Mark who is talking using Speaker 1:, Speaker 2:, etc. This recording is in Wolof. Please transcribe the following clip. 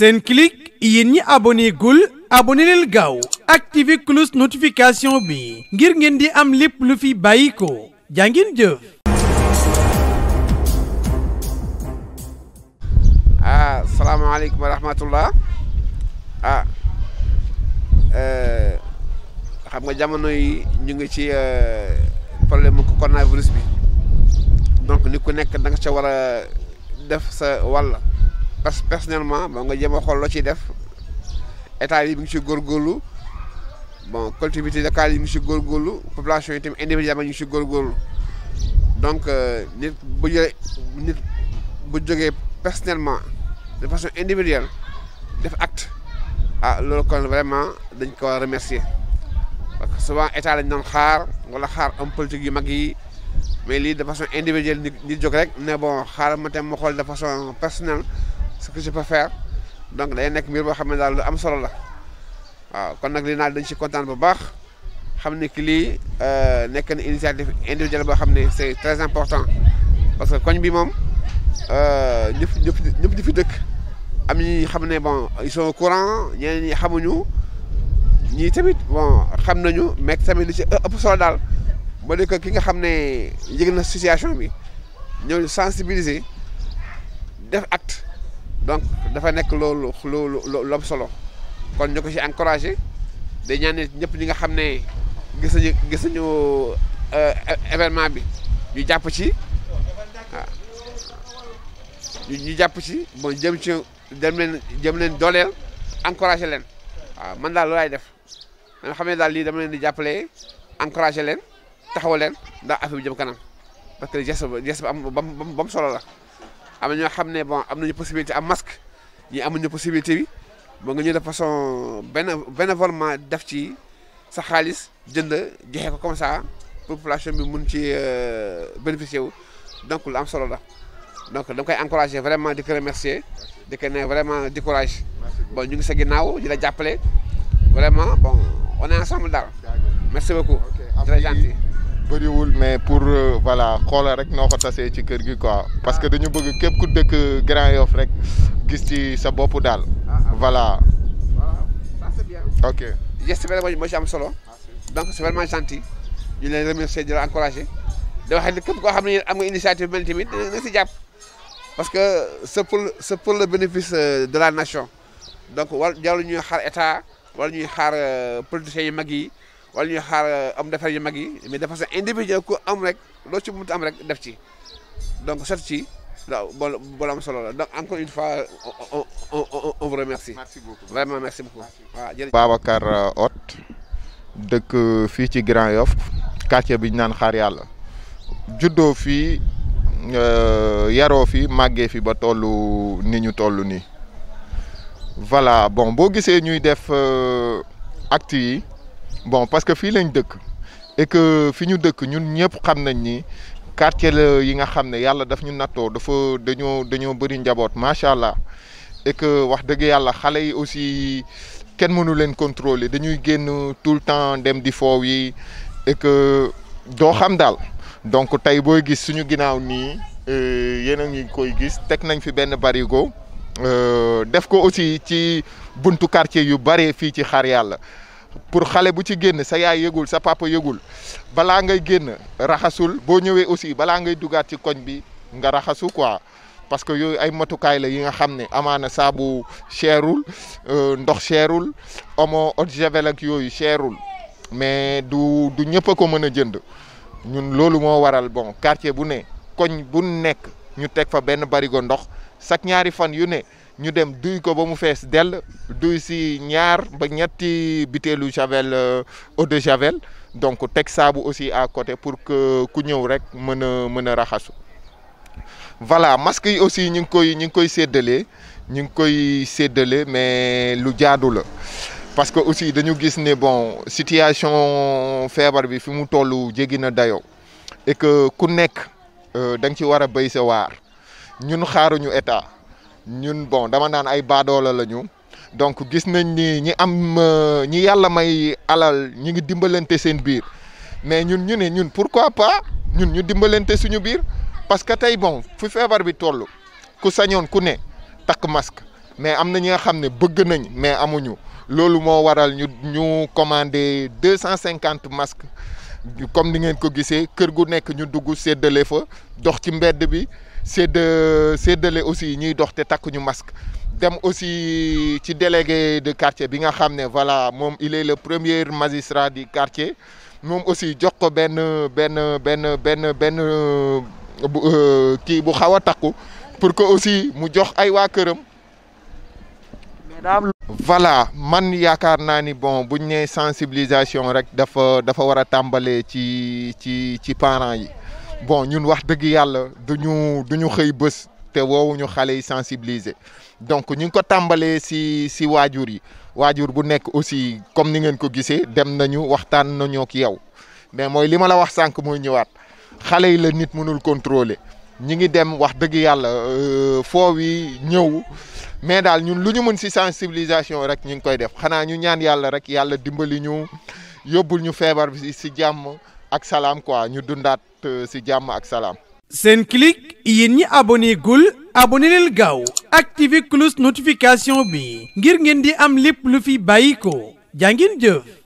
Speaker 1: Senclic yéen ñi abonné gul abonné leen gaaw activé cloche notification bi ngir ngeen di am lépp lu fi bàyyi ko jàngin jëf.
Speaker 2: ah salaamaaleykum wa rahmatullah ah eh, xam nga jamono yi ñu ngi ci eh, problème mu coronavirus bi donc ni ku nekk da nga ca war a def sa walla personnellement bon nga jéem a xool loo ciy def état yi mu ngi ci góorlu bon collectivité locale yi mu ngi ci góorgóorlu population yi tamit individuellement ñu ngi ci góorgóorlu donc euh, nit bu jëlee nit jógee personnellement de façon individuelle def acte ah loolu kon vraiment dañ ko remercier parce que souvent état lañ doon xaar wala xaar homme politique yu mag yi mais lii de façon individuelle nit jóg rek ne bon xaaral ma tam ma xool de façon personnelle ce que je donc day nekk mbir boo xam ne daal am solo la waaw kon nag li naa dañ ci kontaan bu baax xam ne ki lii euh, nekk na initiative individuelle boo xam ne c'est très important parce que koñ bi moom euh, ñëpp ñëpp ñëpp di fi dëkk am ñi xam ne bon ils sont au courant ñeneen ñi xamuñu ñii tamit bon xam nañu mais tamit li ci ëpp daal moo di ki nga xam ne yëg na situation bi ñëw sensibiliser def donc dafa nekk loolu loolu lu am solo kon ñu ko ci encouragé day ñaan ñëpp ñi nga xam ne gis nañu gis nañu euh, événement bi ñu jàpp ci ñu jàpp ci bon jëm ci dem leen jëm leen dooleel encouragé leen waaw man daal loolaay def danga xam ne daal lii dam leen di jàppale encouragé leen taxaw leen ndax affaire bi jëm kanam parce que geste ba geste ba am solo la. am na ñoo xam ne bon am nañu possibilité am masque ñi amuñu possibilité bi moo nga ñu def façon benn bénévolement def ci sa xaalis jënd joxe ko comme ça population bi mun ci euh, bénéficier wu donc lu am solo la donc dama koy encourager vraiment di ko remercier di ko ne vraiment di courage bon ñu ngi sa ginnaaw di la jàppale vraiment bon on est ensemble daal merci beaucoup très gentil
Speaker 1: bëriwul mais pour euh, voilà xoolal rek noo ko tasee ci kër gi quoi parce que ah. dañu bëgg képp ku dëkk Grand Yoff rek gis ci sa bopp daal ah, ah. voilà ok
Speaker 2: geste vraiment moo ci am solo donc c'est vraiment gentil ñu leen remercier di la encourager da wax ne képp koo xam ne am nga initiative mel tamit nga si jàpp parce que c'est pour c'est pour bénéfice euh, de la nation donc war jarul ñuy xaar état wala ñuy xaar euh, politiciens yu mag yi wala ñu xaar euh, am defar yu mag yi mais de façon individuelle ku am rek loo ci mënut am rek def ci donc set ci bol bol am solo la donc encore une vraiment merci beaucoup. waaw jërëjëf. Babacar
Speaker 1: Hott euh, dëkk euh, fii ci Grand Yoff quartier bi ñu naan xaar yàlla juddoo fii yaroo fi màggee fi ba toll ni ñu toll nii voilà bon boo gisee ñuy def actes yi. bon parce que fii lañ dëkk et que fi ñu dëkk ñun ñëpp xam nañ ni quartier yi nga xam ne yàlla daf ñu nattoo dafa dañoo dañoo bëri njaboot macha allah et que wax dëgg yàlla xale yi aussi kenn mënu leen contrôler dañuy génn tout le temps dem di foow yi et doo xam daal donc tey booy gis suñu ginnaaw nii euh, yéen a ngi koy gis teg nañ fi benn barigo euh, def ko aussi ci buntu quartier yu bare fii ci xar yàlla. pour xale bu ci génn sa yaay yëgul sa papa yëgul balaa ngay génn raxasul boo ñëwee aussi balaa ngay dugaat ci koñ bi nga raxasu quoi parce que yooyu ay matukaay la yi nga xam ne amaan amaana saabu cherul euh, ndox cherul omo eau de javel ak yooyu cherul mais du du ñëpp a ko mën a jënd ñun loolu moo waral bon quartier bu ne koñ bu nekk ñu teg fa benn barigo ndox chaque ñaari fan yu ne. ñu dem duy ko ba mu fees dell duy si ñaar ba ñetti butéelu javel euh, eau de javel donc teg saabu aussi à côté pour ku ñëw rek mën a mën a raxasu voilà masque yi aussi ñu ngi koy ñu ngi koy séddale ñu ngi koy séddale mais lu jaadu la parce que aussi dañu gis ni bon situation feebar bi fi mu toll jéggi na dayoo et ku nekk euh, da nga ci war a béy sa waar ñun xaaruñu état. ñun bon dama naan ay baadoola la ñu donc gis nañ ni ñi am euh, ñi yàlla may alal ñi ngi dimbalante seen biir mais ñun ñu ne ñun quoi pas ñun ñu dimbaleente suñu biir parce que tey bon fu feebar bi toll ku sañoon ku ne takk masque mais am na ñi nga xam ne bëgg nañ mais amuñu loolu moo waral ñu ñu commandé deux cent cinquante masques comme ni ngeen ko gisee kër gu nekk ñu dugg séddale fa dox ci mbedd bi sédd séddale aussi ñuy dox te takkuñu masque dem aussi ci délégué de quartier bi nga xam ne voilà moom il est le premier magistrat di quartier moom aussi jox ko benn benn benn benn benn euh, kii bu xaw a takku pour que aussi mu jox ay waa këram. voilà man yaakaar naa ni bon buñ nee sensibilisation rek dafa dafa war a tàmbalee ci ci ci parents yi. bon ñun wax dëgg yàlla duñu duñu xëy bés te woowuñu xale yi sensibiliser donc ñu ngi ko tàmbalee si si waajur yi waajur bu nekk aussi comme ni ngeen ko gisee dem nañu waxtaan nañoo ak yow mais mooy li ma la wax sànq mooy ñëwaat xale yi la nit mënul contrôler ñi ngi dem wax dëgg yàlla euh, foo wi ñëw mais daal ñun lu ñu mën si sensibilisation rek ñu ngi koy def xanaa ñu ñaan yàlla rek yàlla dimbali ñu yóbbul ñu feebar bi si jàmm ak salaam quoi ñu dundaat euh, si jàmm ak salaam. Senclic yéen ñi abonné gul abonné leen gaaw activé cloche notification bi ngir ngeen di am lépp lu fi bàyyi ko jaa ngeen jëf.